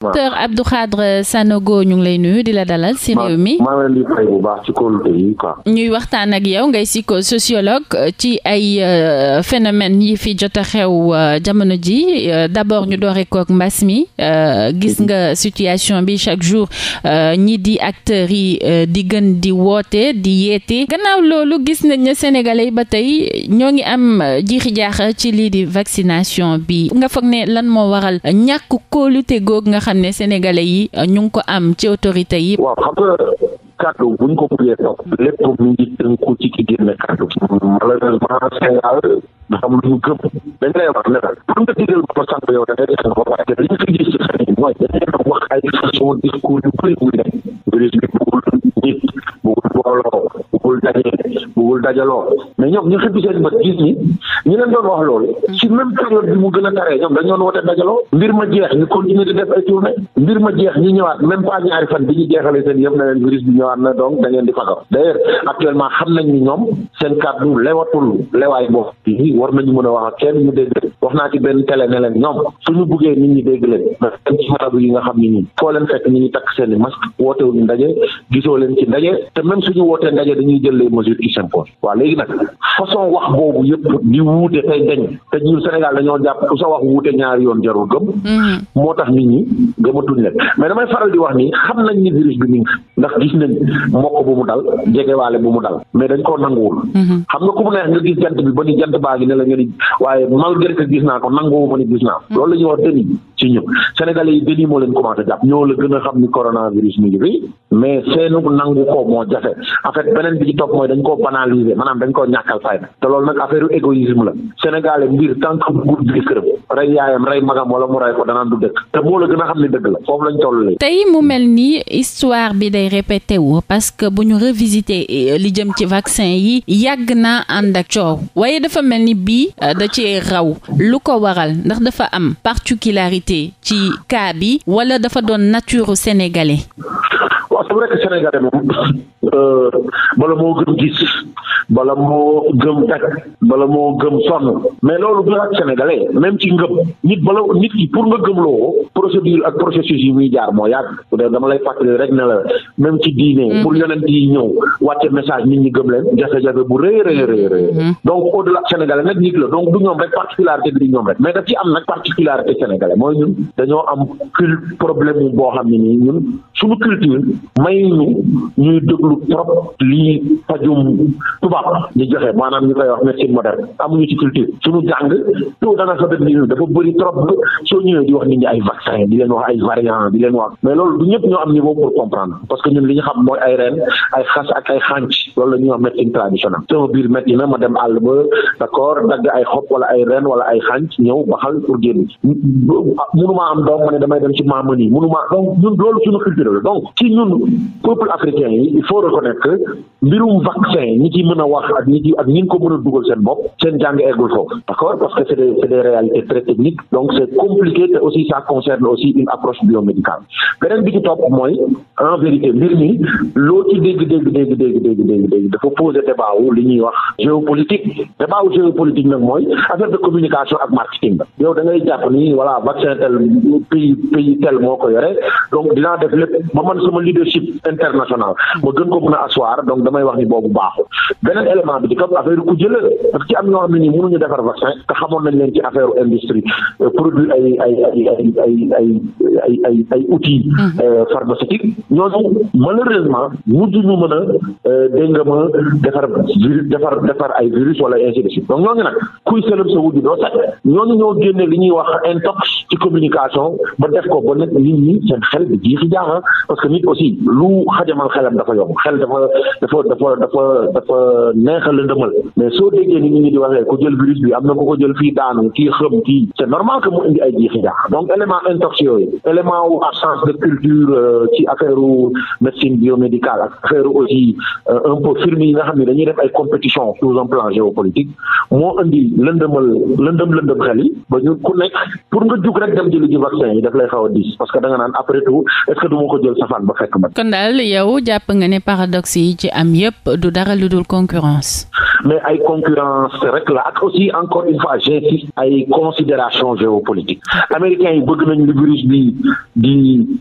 docteur Abdou Khadre Sanogo ñu ngi lay nuyu di la dalal ci réew mi ñuy waxtaan ak yow ngay siko psychosociologue euh, ci ay euh, phénomène yi fi jot a xew euh, jamono ji d'abord ñu doore ko ak mbas mi gis nga situation bi chaque jour ñi di acteurs yi di gën di woote di yeete gannaaw loolu gis nañ ne sénégalais yi ba tey ñoo ngi am jiixi jaaxa ci lii di vaccination bi nga foog ne lan moo waral ñàkk kóolute googu nga xam ne sénégalais yi euh, ñu ngi ko am ci autorité yi. waaw xam nga bu ñu ko bëggee lépp mu ngi tënku ci ki génne kàddu. malheureusement Sénégal dafa am lu ñu gëm. dañ lay wax ne la pour nga digal ko sànq yow da ngay def ba pare li ñu fi gis ci xel yi mooy dañ leen wax ay façon discours yu bëri wu ne. virus bi bëggul nit bëggul booloo bëggul daje. buggul dajaloo mais ñoom ñu xippi seen bët gis ni ñu leen doon wax loolu ci même période bi mu gën a taree ñoom dañu doon wote dajaloo mbir ma jeex ñu continuer di def ay tournée mbir ma jeex ñu ñëwaat même pas fan bi ñu jeexalee seen yëpp na leen virus bi ñëwaat na donc da di fagaw d'ailleurs actuellement xam nañ ñoom seen kàddu lewatul lewaay boobu yi war nañu mën a wax kenn ñu dégg wax naa ci benn télé ne ñoom suñu buggee nit ñi dégg leen nga xam ni ñi foo leen fekk ñu ngi takk seen i masque wootewuñu ndaje qui s'impose waaw léegi nag façon wax boobu yëpp di wuute tey dañ te ñun Sénégal dañoo jàpp ku sa wax wuute ñaari yoon jarul gëm mm-hmm. moo tax nit ñi gëmatuñ leen mais damay faral di wax ni xam nañ ni virus bi mi ngi ndax gis nañ mokk bu mu dal jegewaale bu mu dal mais dañ koo nanguwul. Mhm. xam nga ku mu neex nga gis jant bi ba ni jant baa ngi ne la nga ni waaye malgré a gis naa ko nanguwu ma ni gis naa mhm. loolu la a xam ko moo jafe dañ koo banaliser maanaam dañ te loolu nag affaire égoïsme la sénégalais mbir tant que bi kërëm rey yaayam rey magam wala mu rey ko danaan du dëkk te moo la gën a xam ni dëgg la foofu lañ toll tey mu mel ni histoire bi day day répété parce que bu ñu revisité euh, li jëm ci vaccin yi yàgg naa ànd ak coow waaye dafa mel ni bii euh, da ci raw lu ko waral ndax dafa am particularité ci cas bi wala dafa doon nature sénégalais bon c'est vrai que sénégalais moom euh, bala moo gëm gis bala moo gëm tag bala moo gëm sonn mais loolu du ak sénégalais même ci ngëm nit bala nit ki pour nga gëm loo procédure ak processus yi muy jaar moo yàgg dama lay fàttali rek ne la même ci diine mhm. pour yonent yi ñëw wàcce message nit ñi gëm leen jafe-jafe bu rëy rëy rëy rëy mhm. donc au la sénégalais nag nit la donc du ñoom rek particularité bi du ñoom rek mais daf ci am nag particularité sénégalais mooy ñun dañoo am problème yi boo xam ne nii ñun suñu culture may ñu ñuy déglu trop lii pajum tubaab ñu joxe maanaam ñu koy wax médecine moderne amuñu ci culture suñu jàng tout dana sa def ñu dafa bëri trop soo ñëwee di wax nit ñi ay vaccin di leen wax ay variant di leen wax mais loolu du ñëpp ñoo am niveau pour comprendre parce que ñun li ñu xam mooy ay reen ay xas ak ay xànc loolu la ñuy wax médecine traditionnelle sama biir métti na ma dem àll ba d'accord dagg ay xob wala ay ren wala ay xànc ñëw baxal pour génn mënumaa am doom ma ne damay dem ci maamani mënumaa donc ñun loolu suñu peuple africain yi il faut reconnaître que mbirum vaccin ñi ci mën a wax ak ñi ci ak ñi ko mën a dugal seen bopp seen jàng eggul foofu d'accord parce que c'est des c'est très techniques donc c'est compliqué te aussi ça concerne aussi une approche biomédicale beneen bi ci topp mooy en vérité mbir mi loo ci dégg dégg dégg dégg dégg dégg dégg dafa poser débat wu li ñuy wax géopolitique débat wu géopolitique nag mooy affaire de communication ak marketing la yow da leadership international ba gën ko mën a asseoir donc damay wax ni boobu baaxul beneen élément bi di kam affaire a euh, dégg nga ma defar de suite donc ñooñu nag kuy sëlëm sa wujju doo sax ñooñu ñoo génne li ñuy wax intox ci communication ba def ko ba nag nit ñi seen xel bi jiixi jaaxa parce que nit aussi lu xajamal xelam dafa yomb xel dafa dafa dafa dafa dafa neexal la ndëmal mais soo déggee ni nit ñi di waxee ku jël virus bi am na ku ko jël fii daanu kii xëm kii c'est normal que mu indi ay jiixi jaax donc élément intox wu absence de euh, ak affaire aussi euh, un xam ne dañuy def ay compétition sous plan géopolitique moo indi lëndëmal lëndëm lëndëm xel yi ba ñu ku nekk pour nga jug rek dem jëli ji vaccin yi daf lay xaw a diis parce que da naan après tout est-ce que du ko jël safaan ba fekk ma kon daal yow jàpp nga ne paradoxe yi ci am yëpp du dara lu dul concurrence mais ay concurrence rek la ak aussi encore une fois j'insiste ay considération géopolitique américains yi bëgg nañ li virus bi di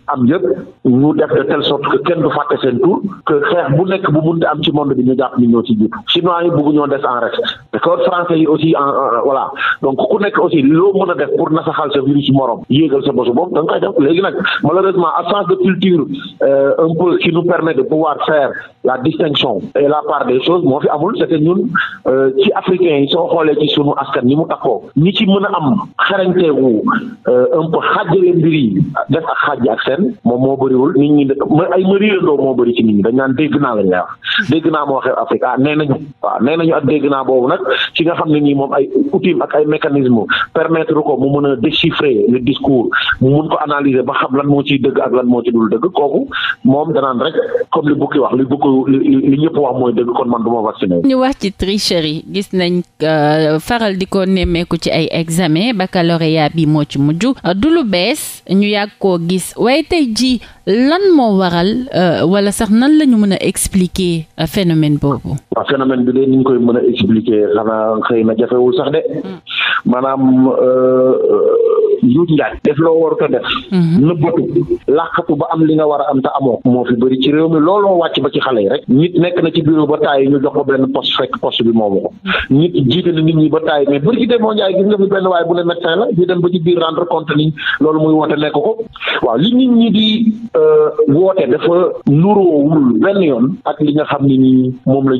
am yëpp ñu def de telle sorte kenn du fàtte seen tour que xeex bu nekk bu mun am ci monde bi ñu jàpp ni ñoo ci jiitu chinois yi bëgg ñoo des en reste d'accord français yi aussi en voilà donc ku nekk aussi loo mën a def pour nasaxal sa virus morom yéegal sa bosu boobu da nga koy def léegi nag malheureusement absence de culture euh, un peu qui nous permet de pouvoir faire la distinction et la part amul c'est que Euh, ci africains yi soo xoolee ci sunu askan ni mu takkoo ñi ci mën a am xarañteeku euh, un peu xaajale mbir yi def ak xaj ak seen moom moo bëriwul nit ñi ay mariirandoo moo bëri ci nit ñi dañ naan dégg naa lañ lay wax dégg naa moo xew Afrique ah nee nañu waaw nee ak dégg naa boobu nag ci nga xam ne nii moom ay outil ak ay mécanisme permettre ko mu mën a déchiffrer le discours mu mun ko analyser ba xam lan moo ciy dëgg ak lan moo ci dul dëgg kooku moom danaan rek comme li bukki wax li bukki li wax mooy dëgg kon man du ma tricherie gis nañ euh, faral di ko nemmeeku ci ay examen baccalauréat bi moo ci mujj euh, du lu bees ñu yàgg koo gis waaye tey ji lan moo waral euh, wala sax nan la ñu mën a expliquer phénomène boobu. waaw phénomène bi de ni koy mën a expliquer xanaa xëy na jafewul sax de mm. maanaam. njuuj njaaj def loo war ko def mm-hmm. nëbbatu làqatu ba am li nga war a am te amoo moo fi bëri ci réew mi looloo wàcc ba ci xale yi rek nit nekk na ci bureau ba taay ñu jox ko benn poste fekk force bi moomu ko nit jiite nit ñi ba taay mais bari ci demoo njaay gis nga fi benn waaye bu ne médecin la ñu dem ba ci biir rendre compte ni loolu muy woote nekk ko waaw li nit ñi di euh, woote dafa nuroowul benn yoon ak li nga xam ne nii moom la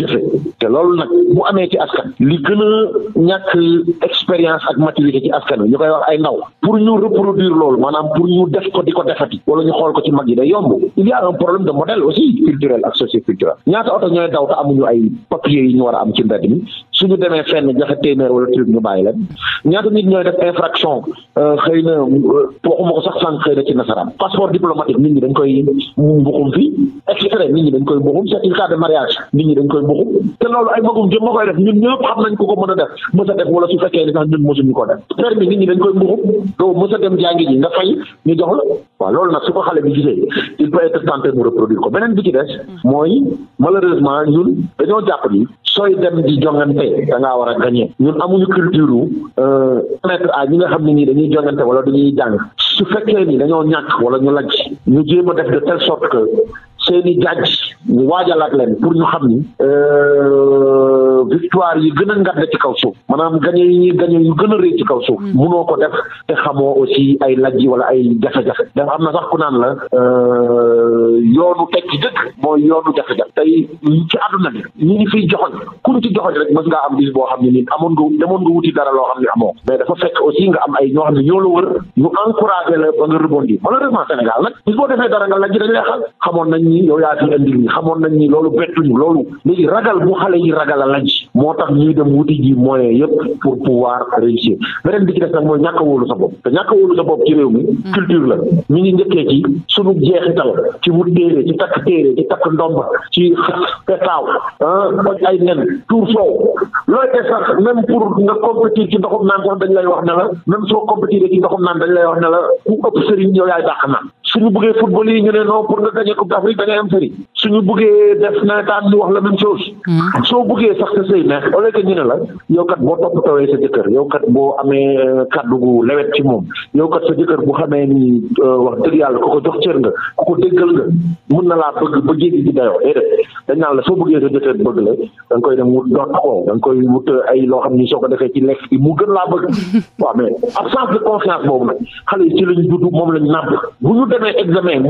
jëfe te loolu nag bu amee ci askan li gën a ñàkk expérience ak maturité ci askan wi ñu koy wax ay ndaw pour ñu reproduire loolu maanaam pour ñu def ko di ko defati wala ñu xool ko ci mag yi day yomb il y a un de modèle aussi culturel ak socioculturel yi ñu war a am ci mbedd suñu demee fenn joxe téeméer wala truc ñu bàyyi leen ñaata nit ñooy def infraction euh, xëy na euh, waxuma ko sax sànq xëy na ci nasaraan passeport diplomatique nit ñi dañ koy mbuxum fii extrait nit ñi dañ koy mbuxum certificat de mariage nit ñi dañ koy mbuxum te loolu ay magum jëm ma koy def ñun ñëpp xam nañ ko ko mën a def mës a def wala su fekkee ni sax ñun mësuñu ko def permis nit ñi dañ koy mbuxum doo mës a dem jàngi ji nga fay ñu jox la waaw loolu nag su ko xale bi gisee il peut être tenté mu bi ci des mm. mooy malheureusement ñun dañoo jàpp ni sooy dem di jongante da ngaa war a gagné ñun amuñu culture wu euh, mettre à ñi nga xam ne nii dañuy jongante wala dañuy dànk su fekkee nii dañoo ñàkk wala ñu lajj ñu jéem a def de telle sorte que seen i jaaj ñu waajalaat leen pour ñu xam ni euh, victoire yi gën a ngand ci kaw suuf maanaam gañe yi gañe yu gën a rëy ci kaw suuf mm. munoo ko def te xamoo aussi ay lajji wala ay jafe-jafe dafa am na sax ku naan la euh, yoonu tekki mooy yoonu jafe-jafe tey ci àdduna bi ngi fiy joxoñ ku ñu ci joxoñ rek mës am bis boo xam ne amoon nga demoon nga wuti loo xam amoo mais dafa fekk aussi nga am ay ñoo xam ne ñoo la wër xamoon nañ ñi yow yaa indi xamoon nañ loolu bettuñu loolu léegi ragal bu xale yi ragal a lañ moo tax ñuy dem wuti ji moyen yëpp pour pouvoir réussir beneen bi ci des nag mooy ñàkk a wóolu sa bopp te ñàkk a wóolu sa bopp ci réew mi mm. culture la mi ngi njëkkee ci suñu jeexital ci wut téere ci takk téere ci takk ndomba ci petaaw ah ay nen tour soow looy te sax même pour nga compétir ci ndoxum naan sax dañ lay wax ne la même soo compétir ci ndoxum naan dañ lay wax ne la ku ëpp sëriñ yow yaay dàq naan da ngay am sëriñ suñu buggee def nawetaan ñu wax la même chose hmm. soo buggee sax sa sëy neex au lieu que ne la yow kat boo toppatawee sa jëkkër yow kat boo amee euh, kàddu gu lewet ci moom yow kat sa jëkkër bu xamee ni euh, wax dëgg yàlla ko ko jox cër nga ku ko déggal nga mun na laa bëgg ba jéggi di dayoo déedéet dañ naan la soo buggee sa jëkkër bëgg la da koy dem wut doot ko da nga koy wut euh, ay loo xam ni soo ko defee ci lekk bi mu gën laa bëgg waaw mais absence de confiance boobu nag xale yi ci moom lañ nàmp bu ñu demee examen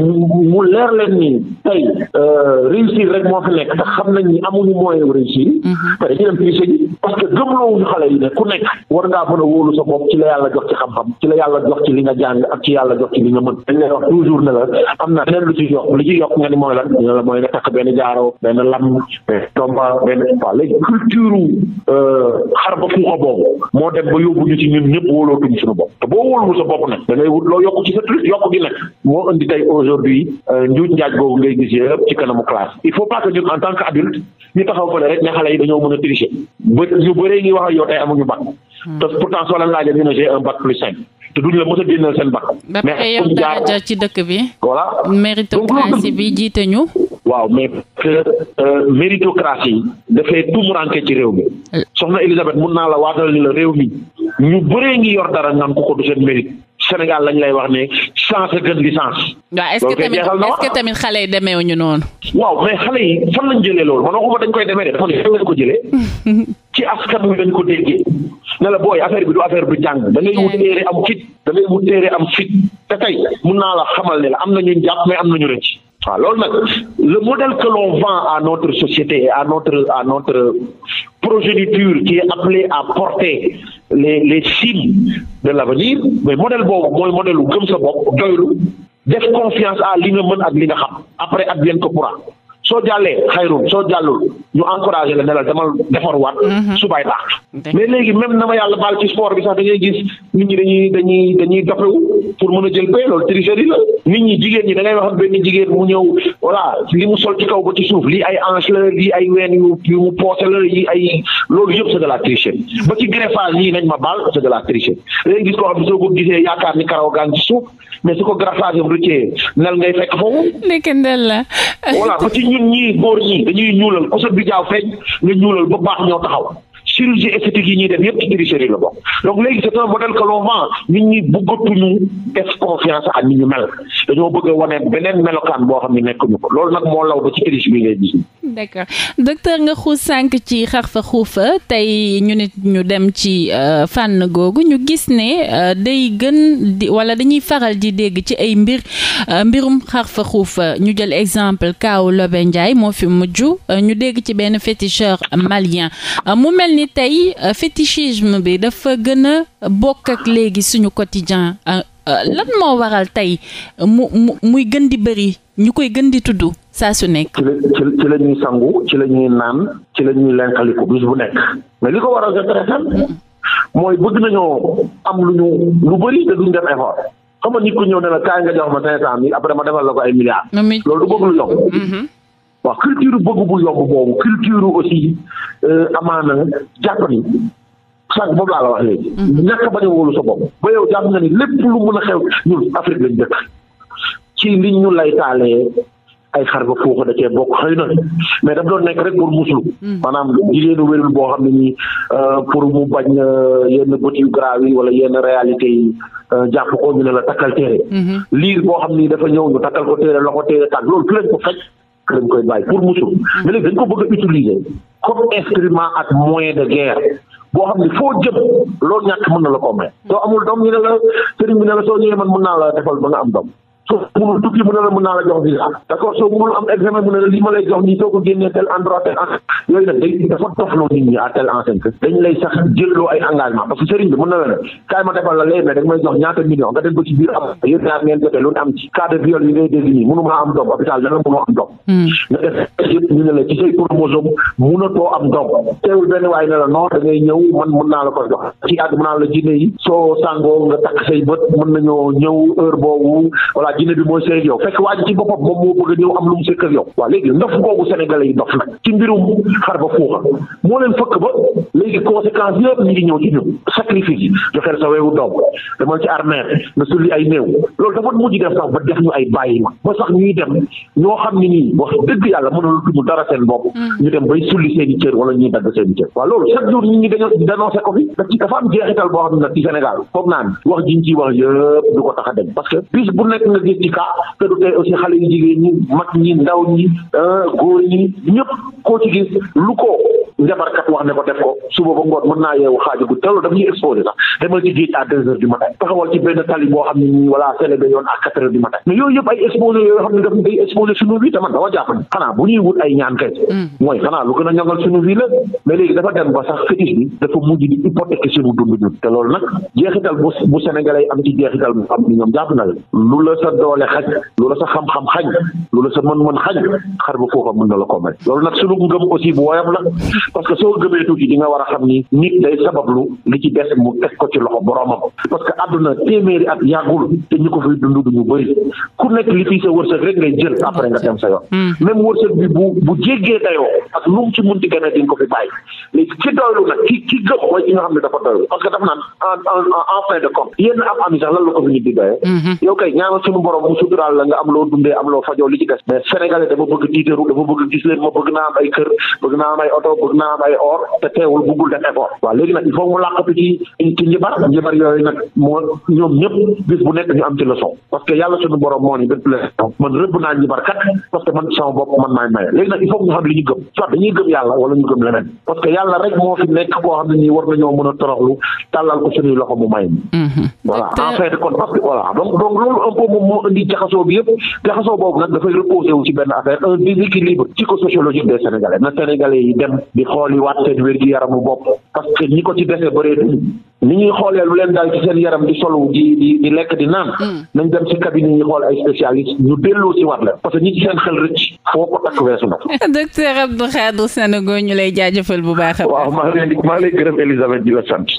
mu leer leen nii tey euh, réussir rek moo fi nekk te xam na ni amuñu moyen wu réussir. Mhm. te dañuy dem triché ji parce que gëmloowuñu xale yi ne ku nekk war ngaa mën a wóolu sa bopp ci la yàlla jox ci xam-xam ci la yàlla jox ci li nga jàng ak ci yàlla jox ci li nga mën dañ lay wax ne la na beneen lu ci yokk lu ci yokk nga ni mooy la mooy nga takk benn jaaro benn lam benn tomba benn waaw léegi culture euh, xar ba fuuxa boobu moo dem ba yóbbu ñu ci ñun ñëpp wóolootuñu suñu bopp te boo wóolul sa bopp nag da wut loo yokk ci sa yokk gi nag moo indi tey aujourd'hui euh, ngay gis yëpp ci kanamu classe il faut pas que ñun en tant que adulte ñu taxaw fële rek ne xale yi dañoo mën a tricher ba ñu bëree ngi wax ak yow tey amuñu bac hmm. te pourtant soo leen laajee ñu ne j'ai un bac plus cinq te duñ la mos a génneel seen bac mais yow daraja ci dëkk bi voilà méritocratie bi jiite ñu waaw mais que euh, méritocratie dafay tumuranke ci réew mi euh. soxna Elisabeth mun naa la waatal la réew mi ñu bëree ngi yor dara ngaan ko ko du seen mérite Sénégal lañ lay wax ni chance gën licence. waaw est-ce tamit est tamit xale yi demeewuñu noonu. waaw mais xale yi fan lañ jëlee loolu man waxuma dañ koy demee de dafa ne lañ ko jëlee. ci askan wi dañ ko déggee ne la booy affaire bi du affaire bu jàng da ngay wut eh. téere am fit da wut téere am fit te tey mun naa la xamal ne la am na ñu jàpp mais am na ñu rëcc. waaw ah, loolu nag le modèl que l'on vend à notre société à notre à notre progéniture qui est appelée à porter les les cibles de l'avenir mais modèle boobu mooy modèle wu gëm sa bopp doylu def confiance à li nga mën ak li nga xam après advienne que pourra soo jàllee xayrun soo jàllul ñu encouragé la ne la demal defarwaat. Mhm. subaay baax mais léegi même na ma yàlla baal ci sport bi sax da ngay gis nit ñi dañuy dañuy dañuy dopewu pour mën a jël pay loolu tricherie la nit ñi jigéen ñi dangay ngay wax benn jigéen mu ñëw voilà li mu sol ci kaw ba ci suuf lii ay hanche la lii ay ween yu yu mu poose la yi ay loolu yëpp c'est de la tricherie ba ci greffage yii nañ ma baal c'est de la tricherie léegi gis koo xam ne soo ko gisee yaakaar ni karaw gaa ngi suuf mais su ko greffage yam du cee nel ngay fekk foofu nekkandel la voilà ba ci ñun ñii góor ñi dañuy ñuulal ku sa bijaaw feeñ nga ñuulal ba baax ñoo taxaw chirurgie esthétique yi ñuy def yëpp ci tricherie la donc léegi c'est un modèle que nit ñi bëggatuñu def confiance ak ni ñu mel dañoo bëgg a wane beneen melokaan boo xam ne ñu ko loolu nag moo law ba ci triche bi ngay gis. d'accord docteur nga xuus sànq ci xar fa xuufa tey ñu nit ñu dem ci euh, fànn googu ñu gis ne euh, day gën di wala dañuy faral di dégg ci ay mbir euh, mbirum xar fa xuufa ñu jël exemple kaaw Lobe moo fi mujj ñu dégg ci benn féticheur malien mu mel ni tey fétichisme bi dafa gën a bokk ak léegi suñu quotidien lan moo waral tey mu mu muy gën di bëri ñu koy gën di tudd saa su nekk. ci la ci la sangu ci la ñuy naan ci la ñuy lenkaliku bis bu nekk mais li ko war a très simple mooy bëgg nañoo am lu ñu lu bëri te duñ def effort xam nga nit ku ne la kaay nga jox ma cinq cent mille après ma defal la ko ay milliards. loolu du bëgg lu yomb. Mhm. waaw culture bëgg bu yomb boobu culture aussi euh, amaana jàpp ni sànq laa la wax léegi. Mhm. ñàkk bañ a wóolu sa bopp. ba yow jàpp nga ni lépp lu mën a xew Afrique lañ dëkk ci liñ ñu lay taalee ay xar nga foofu da cee bokk xëy na mais daf doon nekk rek pour muslu hmm. maanaam jigéenu wérul boo xam ne nii euh, pour mu bañ euh, yenn bët yu grave yi wala yenn réalité yi euh, jàpp koo ñu ne la takkal téere hmm. liir boo xam ni dafa ñëw ñu takkal ko téere loxo téere tàgg loolu ki lañ ko faj ki lañ koy bàyyi pour muslu hmm. mais léegi dañ ko bëgg a utiliser comme instrument ak moyen de guerre boo xam ni foo jëm loolu ñàkk mën na la ko may soo amul doom ñu ne la bi ne la soo ñëwee man naa la defal ba nga am doom soo mënul a mu ne la mën naa la jox visa d'accord soo mënul am examen mu ne la li ma lay jox nii soo ko génnee tel endroit tel endroit yooyu la ne kaay ma defal la léegi mais da nga may hmm. doom teewul benn waaye ne la non da ñëw man mën naa la ko jox ci àgg mën naa la jinne yi soo sàngoo nga takk say bët mën nañoo ñëw heure boobu voilà waa dina bi mooy seen yow fekk waa ji ci boppam moom moo bëgg a ñëw am lu mu sëkk ak yow waaw léegi ndof googu sénégalais yi dof nag ci mbirum xar ba fuuxa moo leen fëkk ba léegi conséquence yëpp ñu ngi ñëw ci ñun sacrifice yi joxeel sa weewu doom demal ba def ñu ay bàyyi mm. wala ñuy dagg seen i cër waaw loolu chaque jour ñi ñi dañoo dénoncé ko fi daf ci dafa am jeexital boo xam ne ci Sénégal foog naa ni wax jiñ ciy wax yëpp du ko tax a dem parce que bu nekk nga syndicat te du tey aussi xale yu jigéen ñi mag ñi ndaw ñi ah, góor ñi ñëpp koo ci gis lu ko njabarkat wax ne ko def ko suba ba ngoon mën naa yeewu xaaju guddi te loolu daf ñuy exposé sax demal ci géej à deux heures du matin taxawal ci benn tali boo xam ne nii voilà célébé yoon à quatre heures du matin yooyu yëpp ay exposé yoo xam ne mm. a dafa dem ba sax xam-xam lu la sa mën-mën xaj xar ba foofa mën na la ko loolu nag suñu ngëm aussi bu woyof la parce que soo gëmee tuuti di nga war a xam ni nit day sabablu li ci des mu teg ko ci loxo boromam parce que àdduna téeméeri at yàggul te ñu ko fiy dund duñu bëri ku nekk li fii sa wërsëg rek ngay jël après nga dem sa yoon hmm. même wërsëg bi bu bu jéggee dayoo ak lu ci munti gën a di nga ko fi bàyyi léegi ki doylu nag ki ki mooy ki nga xam ne dafa doylu parce que dafa naan en en fin de compte yénn am ami sax lan la ko fi nit di doyee hmm. yow kay ñaanal suñu na am ay or te teewul buggul def effort waaw léegi nag il faut mu làqatu ci ci njibar njibar yooyu nag moo ñoom ñëpp bis bu nekk ñu am ci leçon parce que yàlla suñu borom moo ni bépp rëbb naa njibar kat parce que man sama bopp man maay maye léegi nag il faut ñu xam li ñu gëm soit dañuy gëm yàlla wala ñu gëm leneen parce que yàlla rek moo fi nekk boo xam ne nii war nañoo mën a toroxlu tàllal ko suñuy loxo mu may mm-hmm. voilà en kon parce que voilà donc donc di xooli waat seen wér gi yaramu bopp parce que ñi ko ci dese bëreetuñu ni ñuy xoolee lu leen daal ci seen yaram di solu di di di lekk di naan hmm. nañ dem ci cabinet yi xool ay spécialiste ñu delloo ci waat la parce que ñi ci seen xel rëcc foo ko takk weesu na docteur Abdou Khadre Sanokho ñu lay jaajëfal bu baax a baax waaw maa lay gërëm Elisabeth di la sant